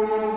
Thank you.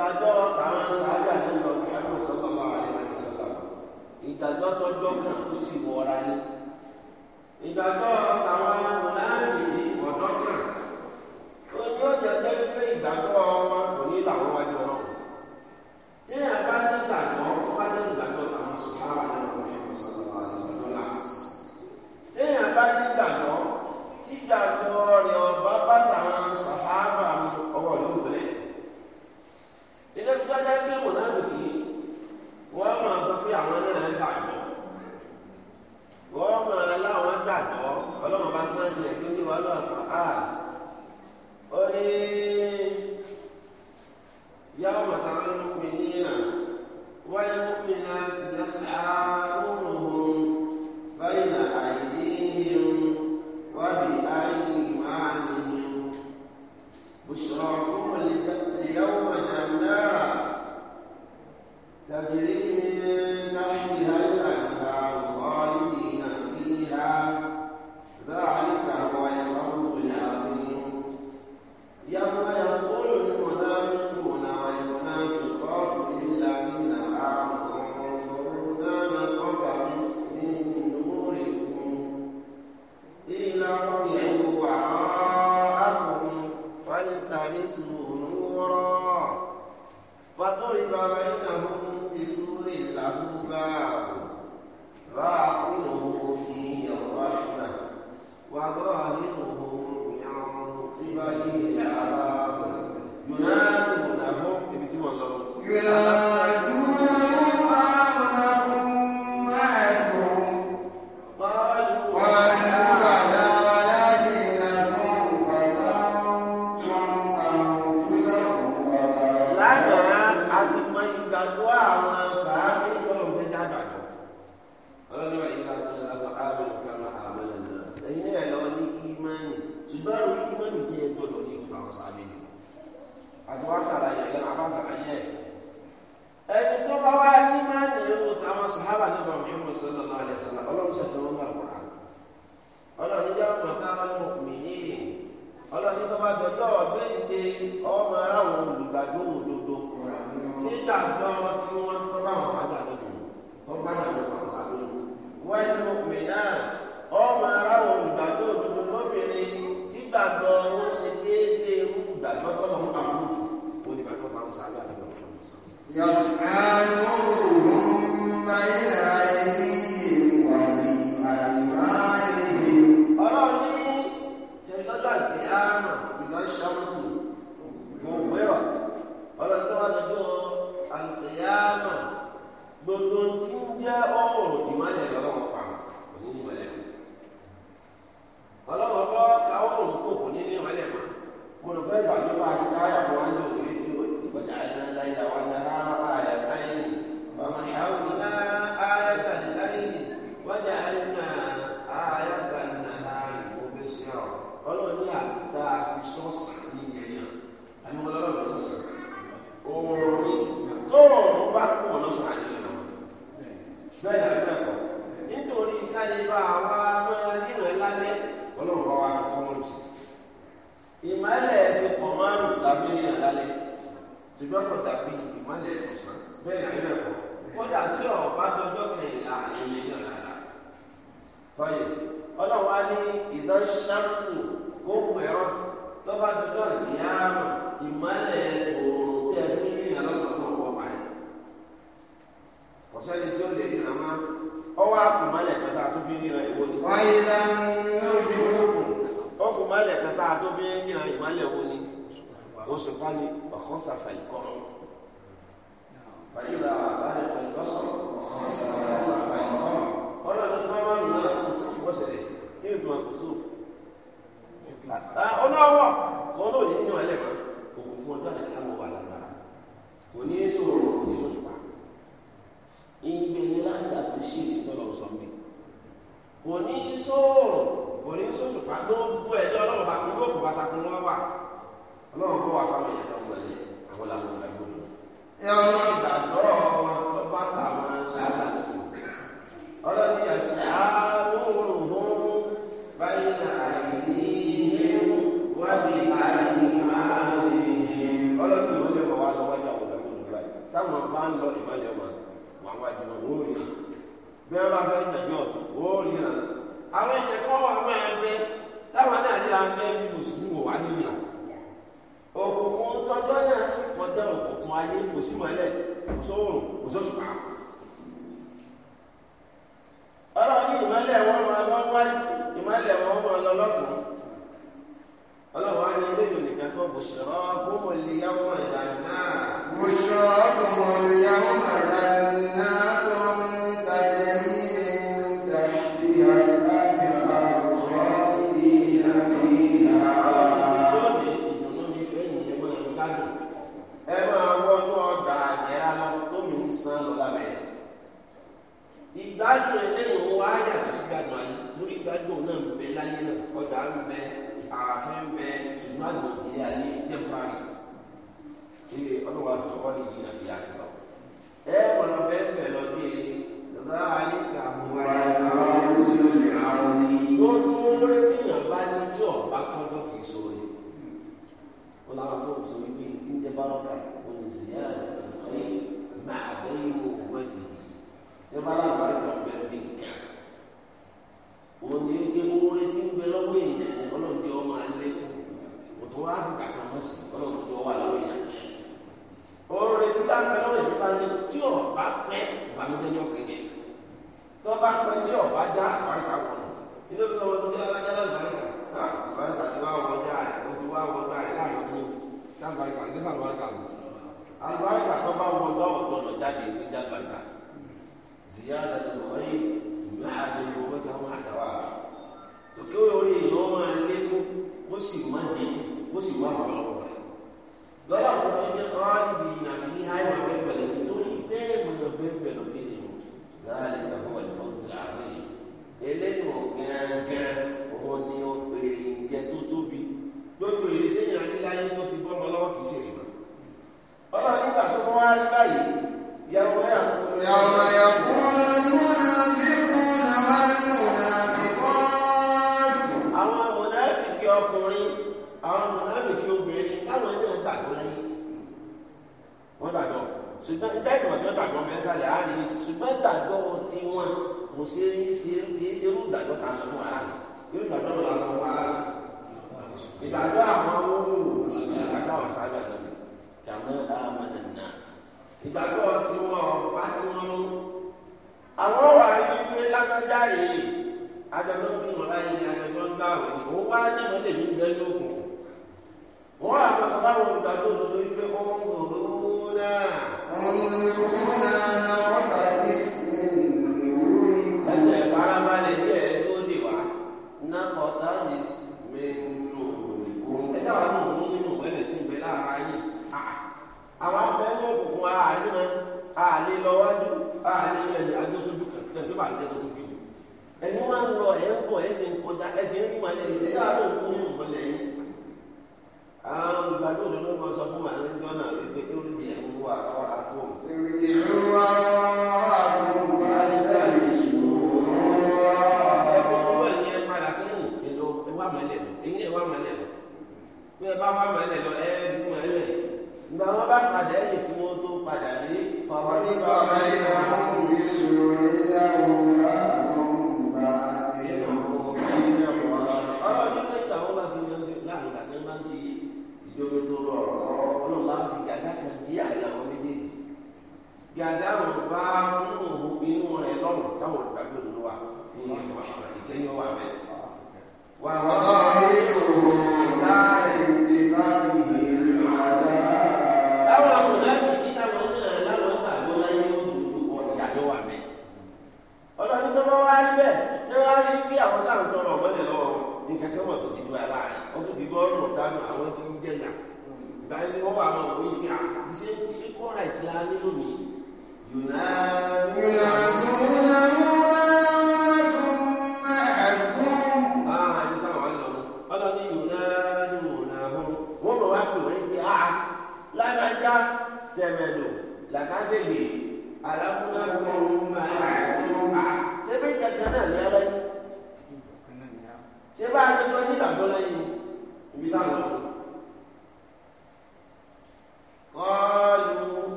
ìgbàgbọ́ táwọn sáájà nínú ọ̀gbìn àmọ́ sọ́kọ̀ọ́ àlejò sọ́kọ̀ ìgbàgbọ́ tó dọ́kàn tó sì wọra ní ìgbàgbọ́ táwọn ينادونهم Amén. 我喜欢。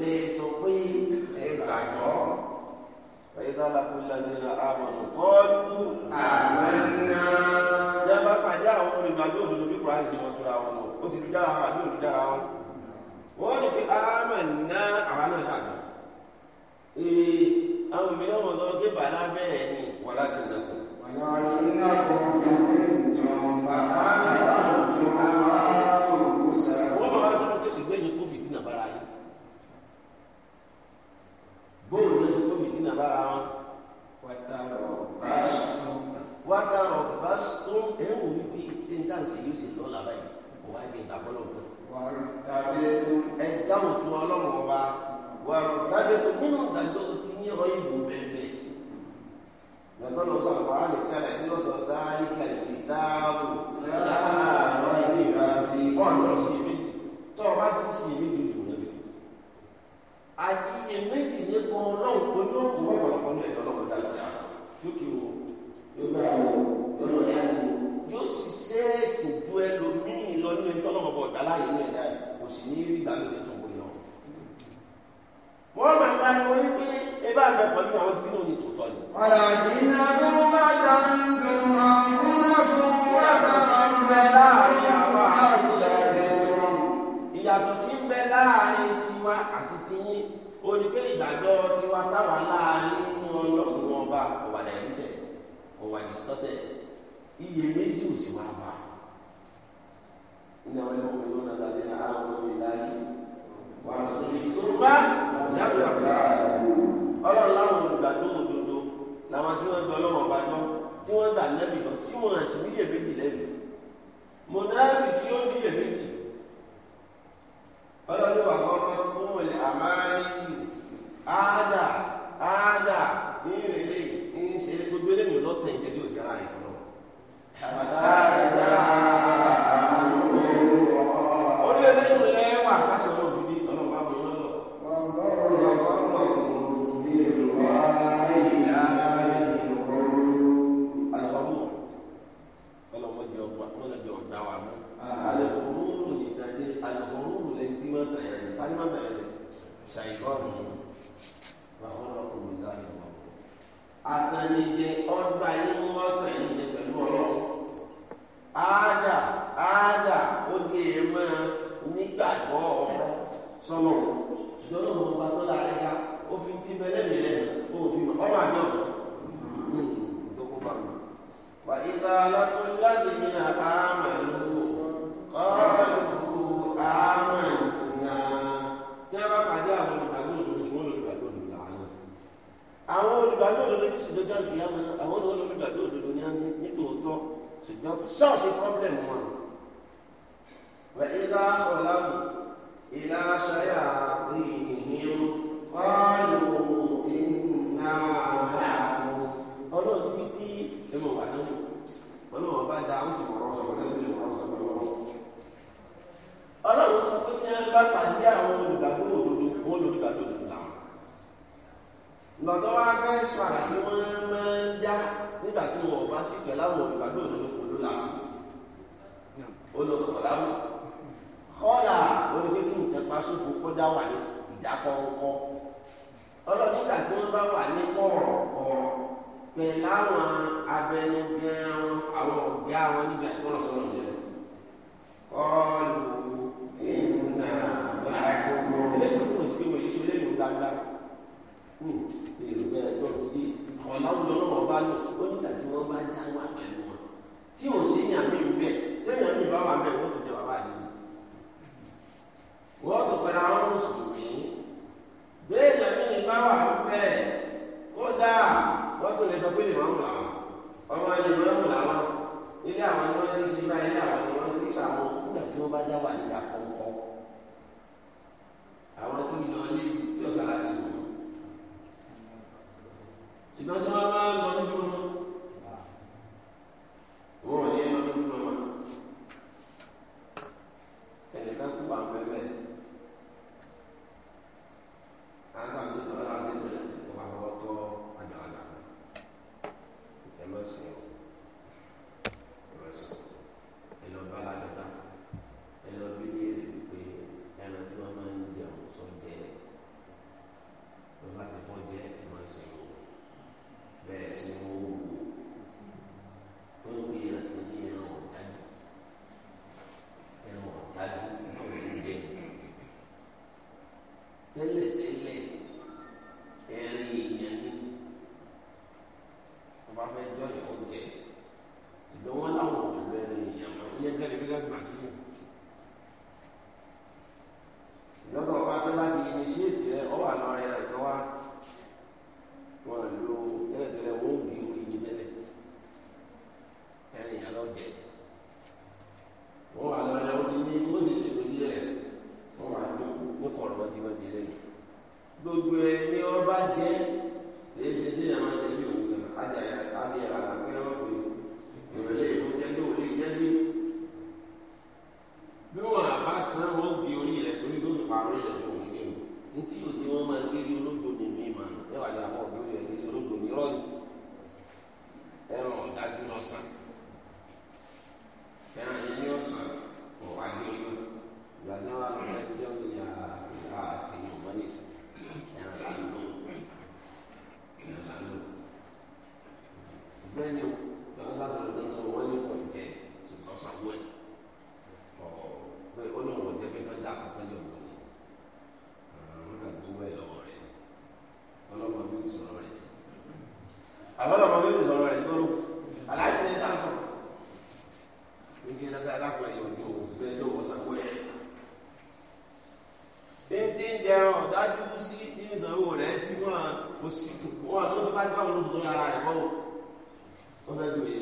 lè sọ pé ẹ gbàgbọ́ ìdálà kúlẹ̀ nínú àmọ̀nù kọ́ọ̀lù àmọ́nà. Ìjọba pàdé àwọn olùgbàgbé òdodo bí Kùrán ti wọn tura wọn o ti lu dára wọn àbí olú dára wọn. Wọ́n ní pé àmọ̀nà àwọn náà dàgbà. Ee àwọn mìíràn wọn sọ pé bàálà bẹ́ẹ̀ ni wọ́n láti nàkó. Wọ́n láti nàkó. pariwo yí pé ẹ bá bẹ pẹ̀lú àwọn tí nínú yìí tòótọ́ ni. ọ̀là ìdílé tó bá ta ń dùn máa ń kúnlẹ̀ fún wọ́tà máa ń bẹ láàrin àwọn àgùlẹ̀ rẹ̀ tó. ìyàtọ̀ tí ń àti tiyín ó come lui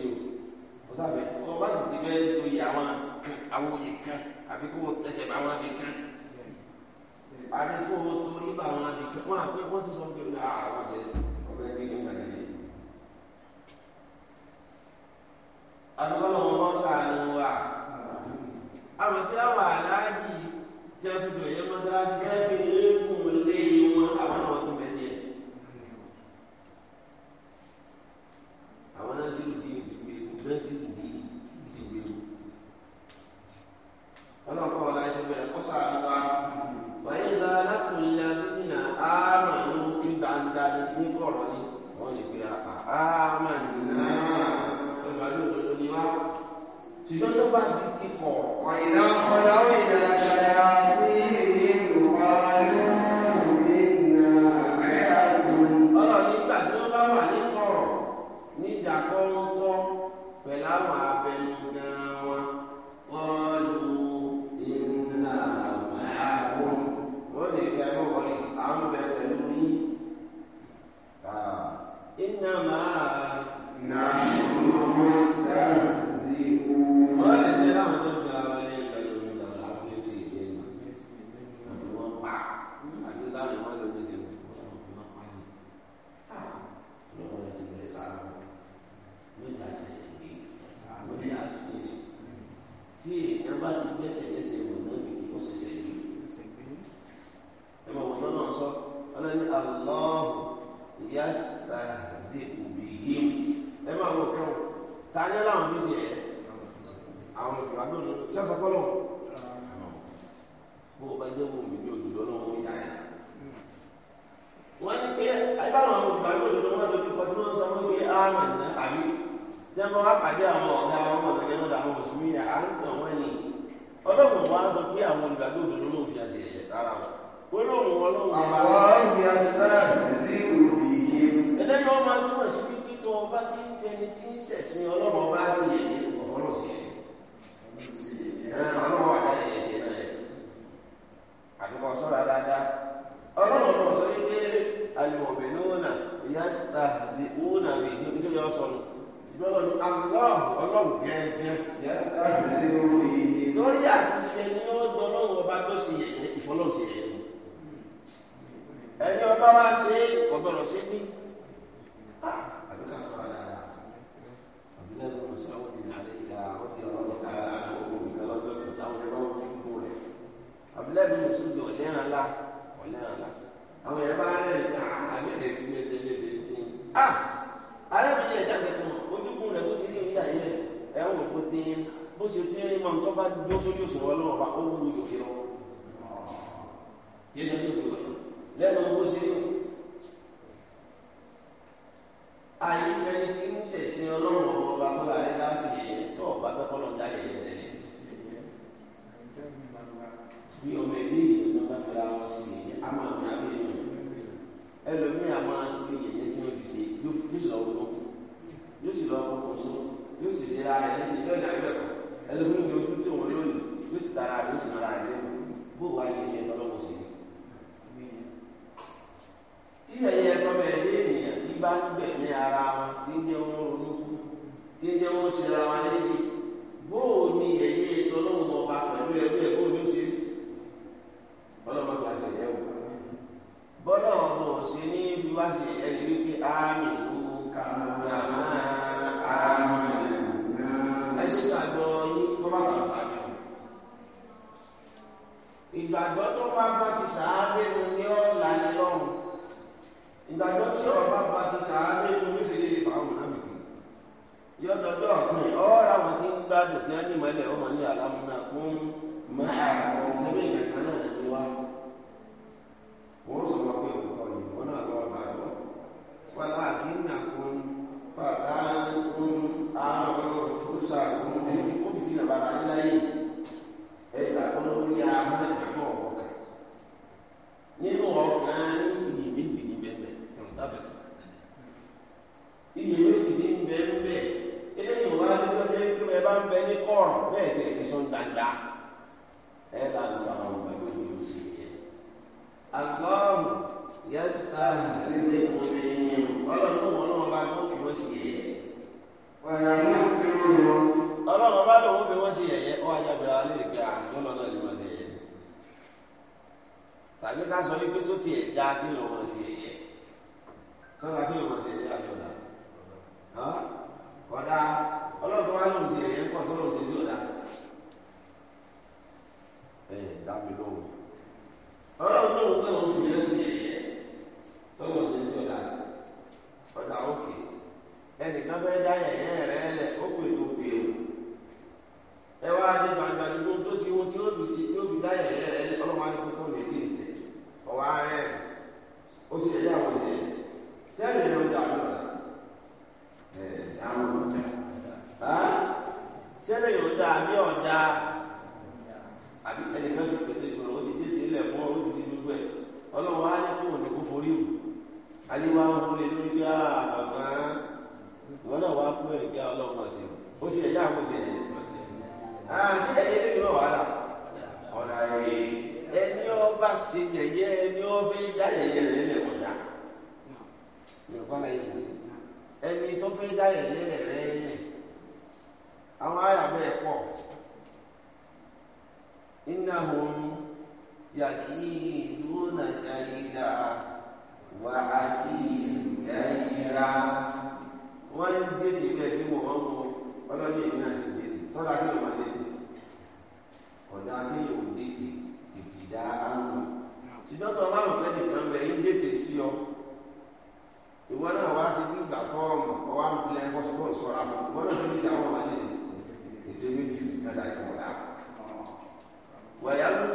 yàtàzí òbí yìí ẹ máa wọ kẹwọn tààyè làwọn méjì ẹ àwọn ìgbà lónìí sẹsọ kọlọ bó o bá jẹ wo mi ní òdodo náà wọn yà yà wọn ní pé ayébáwọn àwọn ìgbà lónìí ló wọn lójú kọtí wọn sọ wọn pé àmà ní àbí jẹmọ apàdé àwọn ọgá àwọn ọmọdé lọ́dọ̀ àwọn mùsùlùmí yà à ń tàn wọn ni ọlọ́pàá wọn á pé àwọn ìgbà lódodo ló ń fi àṣẹ yẹ rárá wọn olóhùn ọlọ́run. àwọn ìyá sáà sí òru eléyìí wọn máa túmọ̀ sí pípí tó o bá ti ń fi ẹni tí ń ṣẹ̀sìn ọlọ́run ọba á sì yẹ̀yẹ́ ọ̀fọ́nà sí yẹ̀yẹ́ ọlọ́run ọba á yẹ̀yẹ́ tiẹ̀ náà yẹ̀ àdúgbò sọ́ra dáadáa ọlọ́run ọba sọ yìí pé alùpùpù lónà ìyá sítà sí ònà mi nítorí ọ̀sọ̀nù ìgbọ́dọ̀ ni ọlọ́run gẹ́gẹ́ ìyá sítà sí ònà mi torí àtúnṣe ni ó gbọ́dọ̀ ọba tó sì yẹ̀yẹ́ ẹni ọba wa ṣe ọgbọ́dọ̀ ṣe ní àbíká sọ àlà àbílẹ̀ ọ̀rọ̀ sáwọ́ ní àlẹ́ ìgbà ọ̀dí ọlọ́run ká àgbọ̀gbọ̀ ìgbàlọ́gbọ̀ táwọn ẹ̀rọ ń fi kú rẹ̀ àbílẹ̀ bí mo tún bẹ ọ̀lẹ́rìn alá ọ̀lẹ́rìn alá àwọn ẹ̀rọ bá rẹ̀ ní ayé fẹ́ni ń ṣẹ̀sìn ọlọ́run ọmọ ọba tó la ẹ̀dá sí yẹyẹ tó ọba fẹ́ kọ́ lọ dá yẹyẹ tẹ̀lé. bí ọmọ ẹni yìí ló bá fẹ́ra wọn sí yẹyẹ a máa ní abẹ́ yẹn ẹlòmíì a máa tún lè yẹyẹ tí wọ́n fi ṣe yóò sì lọ wọ́n yóò sì lọ wọ́n kún sún yóò sì ṣe ara rẹ̀ léṣe lọ́ọ̀ ní abẹ́ kọ́ ẹlòmíì ni ojú tó wọn lónìí yóò sì tara rẹ̀ yóò sì nara rẹ̀ bó wàá yẹyẹ tọ́lọ́mọ sí bá ń gbẹ̀mí ara wọn tí ń jẹ́ wọn ronúkú tí ń jẹ́ wọn ṣe ra wọn léṣe bóò ni ẹ̀yẹ ètò ọlọ́run ọba pẹ̀lú ẹgbẹ́ ẹ̀ bóò ni ó ṣe ọlọ́run ọba ṣe yẹ wò bọ́lá ọ̀bọ̀ ṣe ní bí wá ṣe ẹni wípé ámì kú kàmúra ámì ẹni gbàgbọ́ yín kó má bàa sáré o ìgbàgbọ́ tó bá bá ti sáré o ní ọ̀la ni lọ́run ìgbàgbọ́ dọjọ́ ọ̀gbìn ọ̀rọ̀ àwọn tí ń gbádùn tí wọ́n ní ìmọ̀lẹ̀ ọmọ ní àlámúná fún máa àwọn ọ̀sẹ̀mí ìgbàkan náà ní wá. wọ́n sọ wọn pé òótọ́ ni wọ́n náà lọ́wọ́ gbàgbọ́. wọ́n lọ́wọ́ kí n nà kún bàbá kún àwọn fúnṣà kún ní kó fìtí nà bàbá láyé ẹgbà kún lórí àwọn àgbọ̀ ọ̀kà. nínú ọ̀gá iyèméjì ní bẹ́ẹ̀ bẹ́ẹ̀ ìyèméjì bá ń bẹ ní kọ̀rọ̀ bẹ́ẹ̀ tẹ̀ sí sún gbangba ẹ bá ń sọ àwọn ọmọ ìwé ìlú sí yẹ. àgbọ̀n yẹ́sà ṣíṣe omi ọlọ́run wọn náà bá tó fi wọ́n sí yẹ. ọlọ́run bá lòun fi wọ́n sí yẹ̀yẹ́ ó wáyé alẹ́ ìgbé àtúntò náà lè wọ́n sí yẹ̀yẹ́. tàbí ká sọ wípé sóti ẹ̀ dá kí ló wọ́n sí yẹ̀yẹ́ sọ́dọ̀ kí ló wọ́n sí yẹ̀yẹ́ àjọ̀dá kọ́dá ọlọ́run tó wá lòun ṣe ẹ̀yẹ ń pọ̀ tó lòun ṣe tí ò dá ẹ̀ dá mi lóhùn ọlọ́run lòun pé òun fìyẹ́ sí ẹ̀yẹ tó lòun ṣe tí ò dá ọ̀dà òkè ẹnìkan fẹ́ dá ẹ̀yẹ rẹ̀ lẹ̀ ó pè tó pè o ẹ wá dé gbangba ní tó ti wo tí ó fi ṣe tí fi dá ẹ̀yẹ rẹ̀ ọlọ́run á ní kó tó lè dé ìṣẹ̀ ọ̀wá rẹ̀ ó sì ẹ̀yẹ àwọn ìṣẹ̀ sẹ́yìn lọ ayé ọ̀dà àbí ẹnìkan ti pété ìgbòrò ó ti dédé ilẹ̀ mọ́ ó ti ti gbogbo ẹ̀ ọlọ́run wá ní kó ní kó forí o ayé wa ń wọlé lórí bí àbàbà ah, ìwọ náà wá kú ẹ̀rí bí ọlọ́run ọ̀sẹ̀ ó sì ẹ̀yà àkóso ẹ̀yẹ àti ah, ẹ̀yẹ nínú náà wàhálà ọ̀nà ẹ̀yẹ ẹni ọba ṣe yẹyẹ ẹni ọbẹ̀ dá yẹyẹ rẹ̀ lẹ̀ ọ̀dà yorùbá la ẹni tó fẹ́ dá yẹyẹ rẹ̀ lẹ̀ àwọn àyà bẹ́ẹ̀ pọ̀ innahum yakiduna kaida wa akidu kaida wọ́n ń dèjì bẹ́ẹ̀ tí wọ́n wọ́n mú ọlọ́dún èmi náà sì dèjì tọ́lá kí ló máa dèjì ọ̀dà akéyìn ò dèjì ìdìdá àwọn ṣùgbọ́n tó o bá rò pé nìkan bẹ ń dèjì sí ọ ìwọ náà wá sí bí ìgbà tọ́ ọmọ ọwọ́ àwọn ìpínlẹ̀ ẹ̀kọ́ sọ́kọ́ ìsọ̀rọ̀ àbọ̀ ìwọ náà tó dèjì àwọn ọmọ ètè méjì nìkan láyé wọn dà wọ́n yà lọ.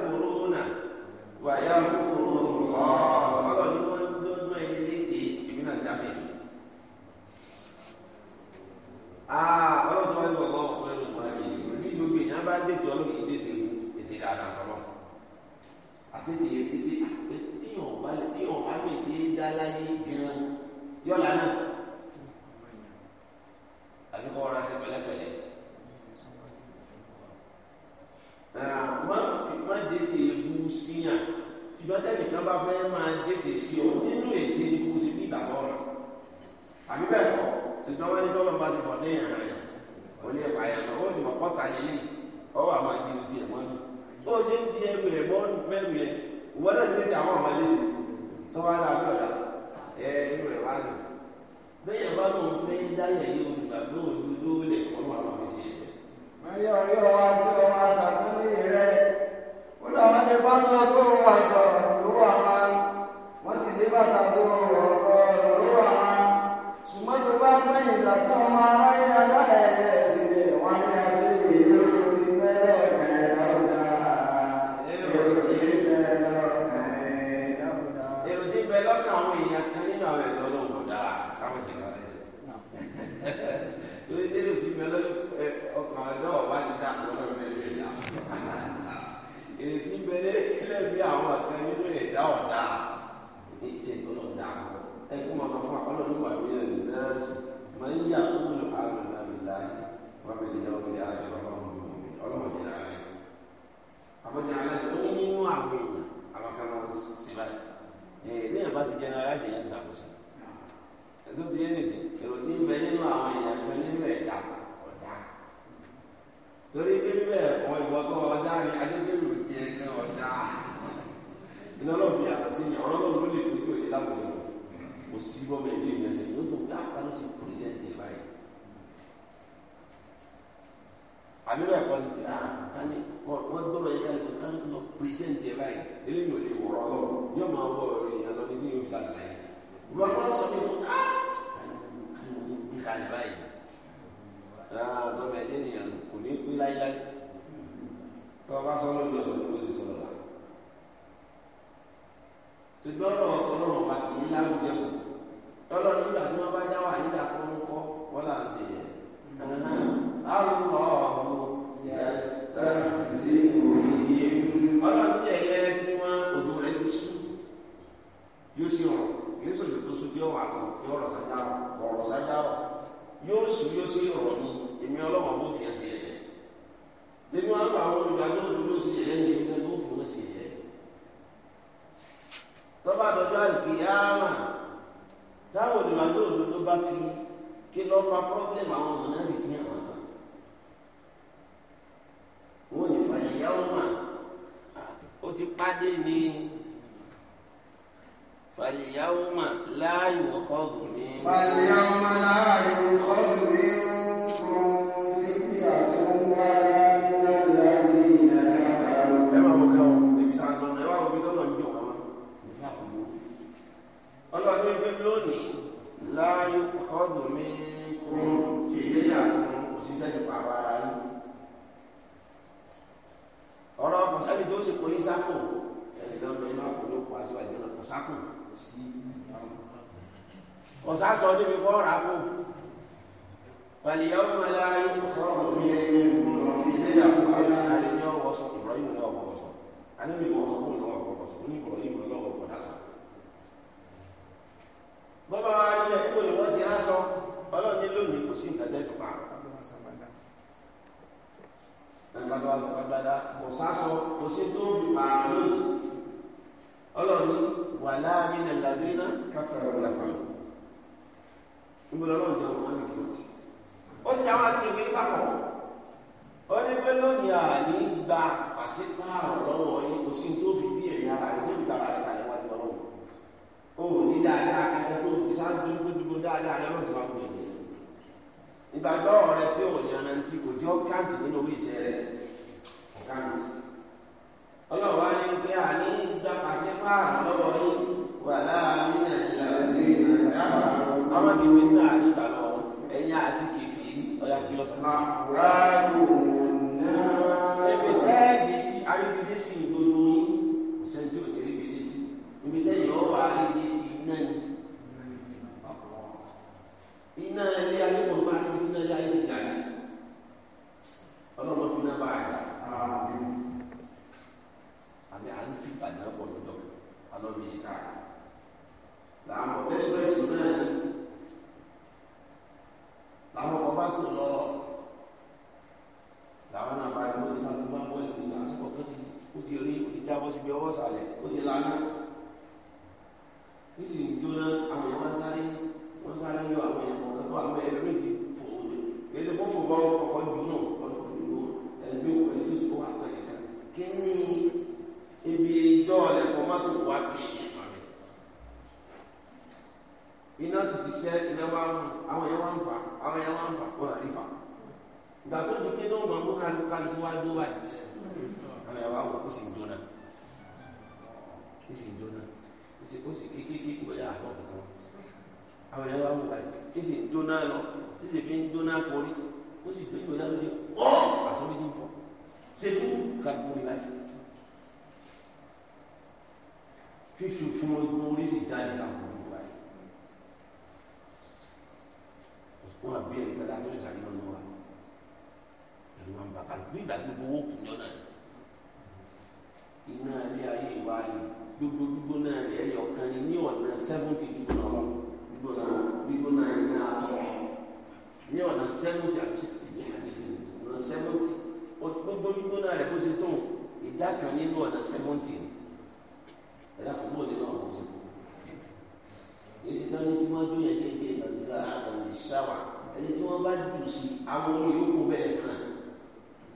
yẹ kéèké nàzà àwọn ìṣàwà ẹni tí wọ́n bá jù sí àwọn omi yòókù bẹ́ẹ̀ kan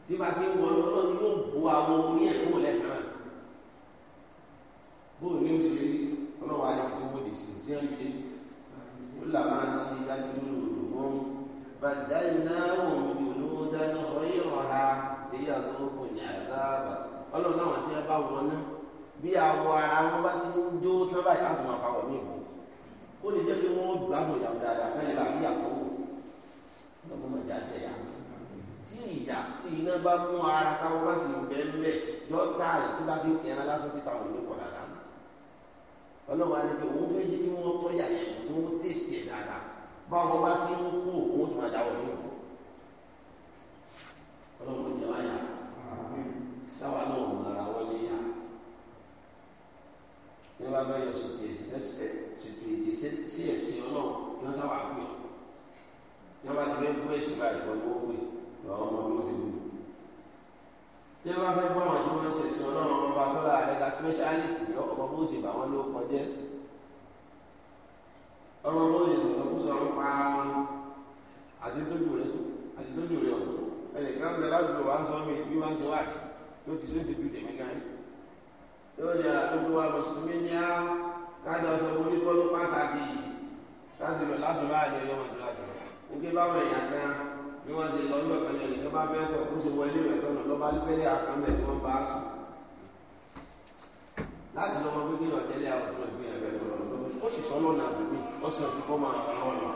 tí bá ti wọ́n lọ́nà yóò bu àwọn omi ẹ̀ kó lẹ́ka. ọlọ́run á òun fẹ́ yí ni wọ́n tọ́ yà yẹn kó ń tèsì ẹ̀ dáadáa báwọn bá ti ń kú òun ti máa dáwọ́ ní òkú ọlọ́run jẹ wáyà sáwà náà ò mara wọn ní yà ní bá bá yọ ṣètò ètè sí ẹ̀sìn ọlọ́run ní wọ́n sáwà pè ní wọ́n bá ti fẹ́ gbọ́ ẹ̀sìn báyìí wọ́n ní wọ́n pè lọ́wọ́ ọmọ ọdún sí ní tí wọn bá fẹ́ gbọ́ àwọn tí wọ́n ń ṣẹ̀sìn ọlọ́run ọba tó la ẹ̀ka specialist yọ ọmọ bó ṣe bà wọ́n ló kọjẹ́ ọmọ bó ṣe sọ̀tọ̀ kó sọ ń pa àti tójú rẹ tó àti tójú rẹ ọ̀tọ̀ ẹnìkan bẹ ládùúgbò wa ń sọ mi bí wọ́n ń ṣe wáàsì tó ti ṣe é tèmi gan yóò yà gbogbo wa mùsùlùmí ní á kájọ sọ fún mi kọ́ ló pàtàkì sásìlò lásìlò àjẹyọ mọ̀síláṣí nígbà báwọn èèyàn gan bí wọ́n ṣe lọ nígbà kan lẹ́yìn lọ́ba bẹ́ẹ̀ tọ̀ kó ṣe wọlé rẹ̀ tọ̀nà lọ́ba lípẹ́lẹ́ àkànbẹ̀ tí wọ́n bá a sùn. láti lọ́mọ pé kí ọ̀tẹ́lẹ̀ àwọn ọ̀tún ọ̀gbìn ẹ̀rẹ̀ lọ́rọ̀ tó ó sì sọ́lọ́nà àbúrò ọ̀sẹ̀ òkú kọ́ máa ń lọ́nà.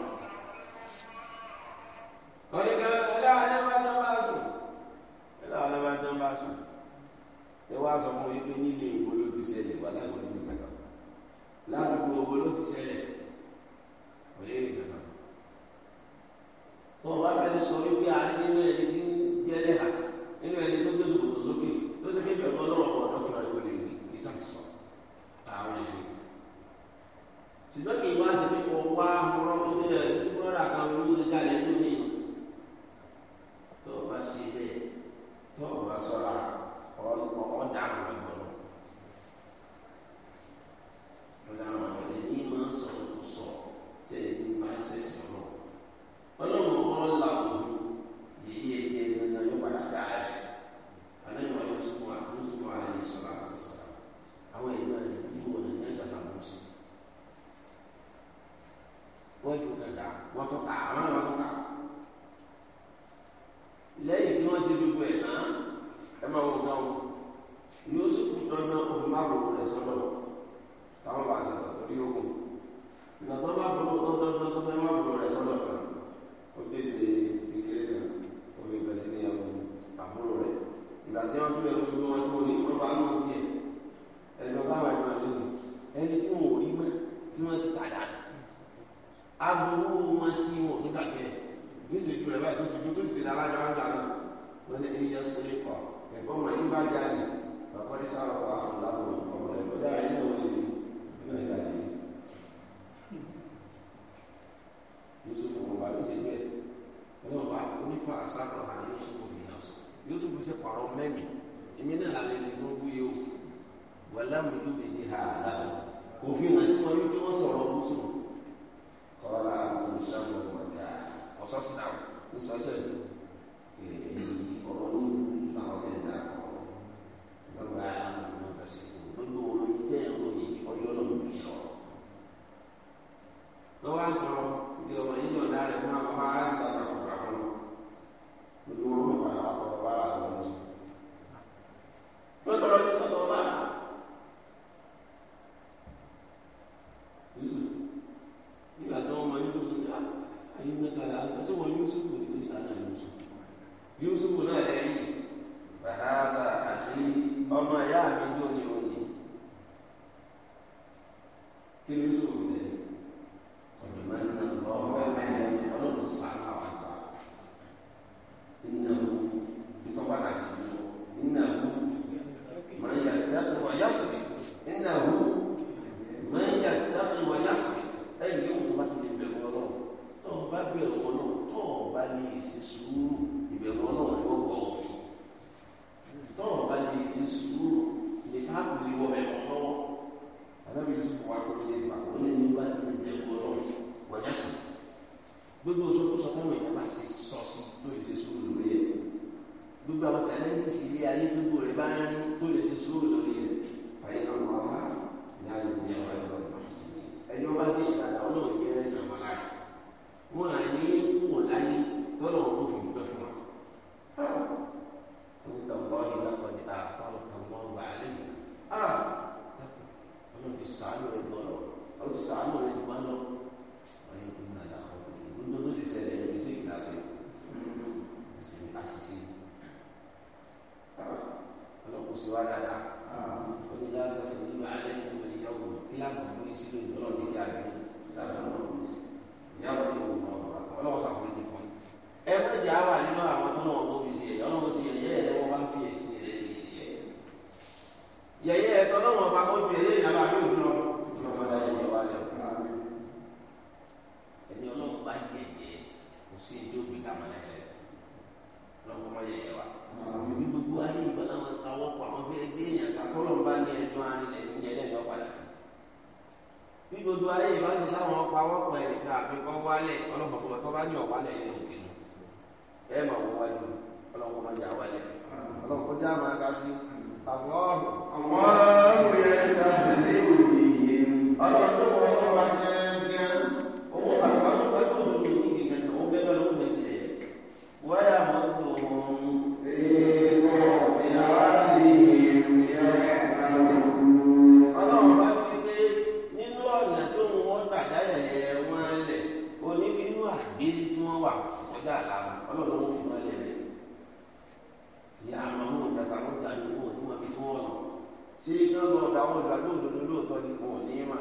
àwọn olùgbàgbọ́ òdodo lóòótọ́ ni wọn ò ní í mà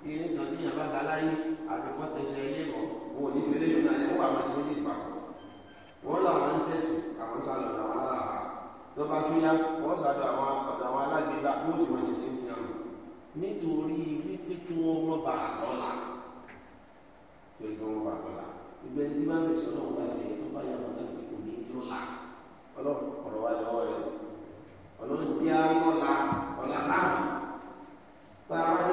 kí ní kan tí yàrá bá láyé àfikún tẹsẹ̀ ilé mọ̀ wọn ò ní fẹ́lẹ́ yóò náà wọ́n àwọn sẹ́yìn ìgbà wọn làwọn ń sẹ̀sì àwọn sálọ làwọn alára tó bá tún yá wọ́n sàdọ̀ àwọn ọ̀dọ̀ àwọn alágbèbá wọ́n sì máa ṣẹ̀ṣẹ̀ ti hàn nítorí wípé kí wọ́n mọ̀ bá a lọ́la pé kí wọ́n bá a lọ́la ìgbẹ́ tí bá fẹ̀sọ̀ náà wọ́n bá ṣe tó bá yà là tham ta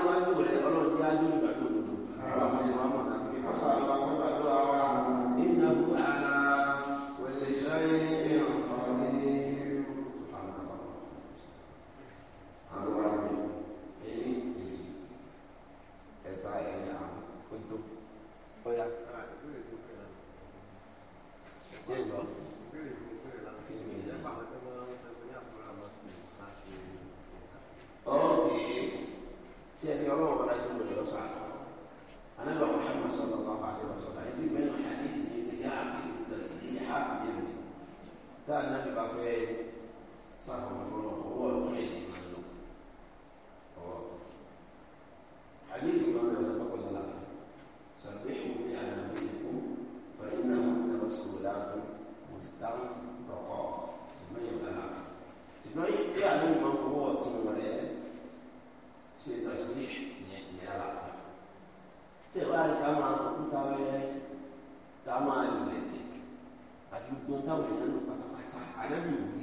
não planta hoje, não planta mais, tá? Olha, meu,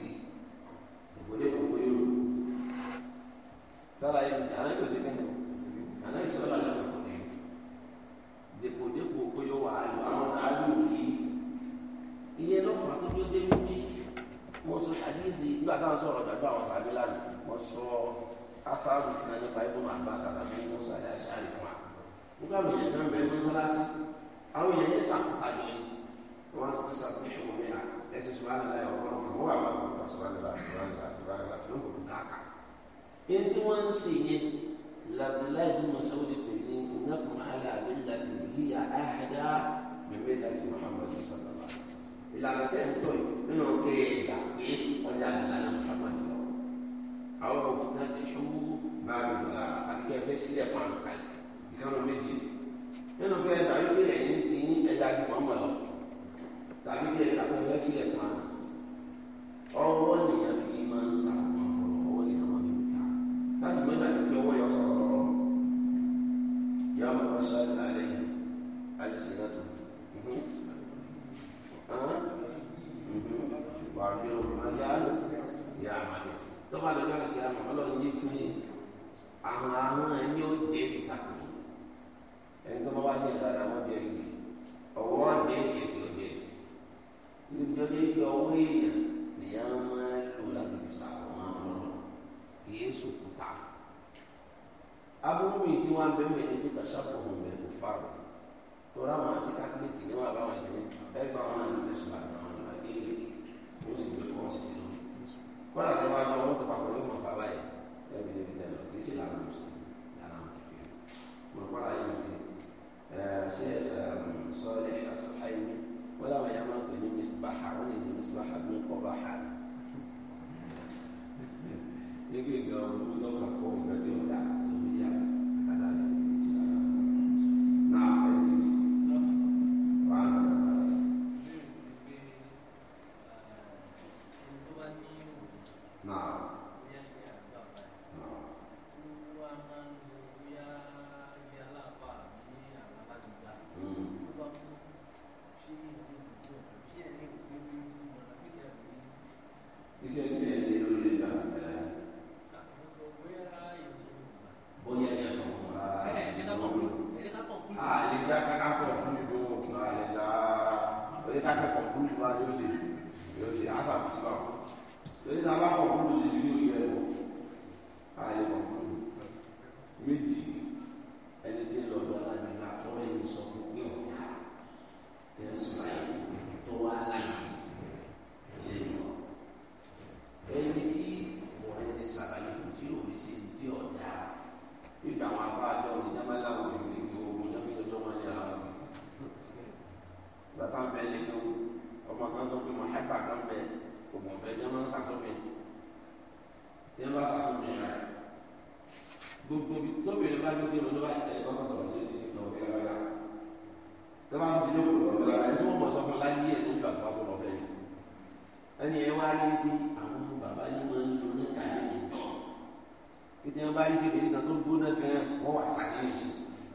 bá rí kékeré kan tó gbóná gan wọ́n wà sàkéyìn sí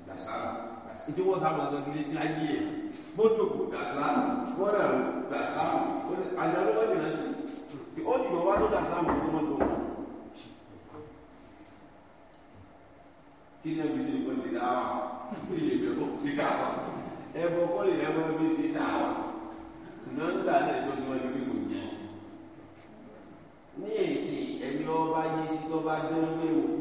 gbàsára ètò wọn sábà sọ sí létí ayé ẹ mọ́tò kò gbàsára wọn náà gbàsára àjálù wọn sì rán sí ó dìbò wá tó gbàsára mọ tó mọ́tò wọn. kí ni ẹbí ṣe ń gbọ́dọ̀ dá wa kí ni ẹbí ẹ̀kọ́ ṣe dá wa ẹ̀bọ̀ kọ́ lè ẹ̀bọ̀ ẹbí ṣe dá wa ṣùgbọ́n nígbà náà ẹjọ́ sọ ẹbí kò yẹ sí. ní èsì ẹni ọba yé sí lọ́ba dé ń léwu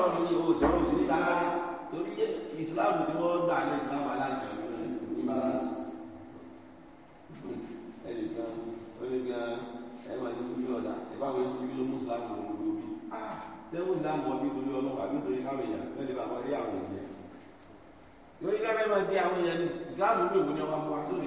sọ̀rọ̀ lórí owó ìṣòro òsì ní balance torí islam tí wọ́n gbà ní islam aláǹdà ní balance. ẹnì kan ó ní gan ẹ máa ní sùúrù ọ̀dà ẹ bá wọ sùúrù ló mú islam wọn ló bí. Ah, ṣé mú islam wọn bí torí ọlọ́wọ́ àbí torí káwọn èèyàn fẹ́ lè bá wọn rí àwọn èèyàn. torí káwọn èèyàn máa di àwọn èèyàn ní islam ló wù ní ọmọ wa tó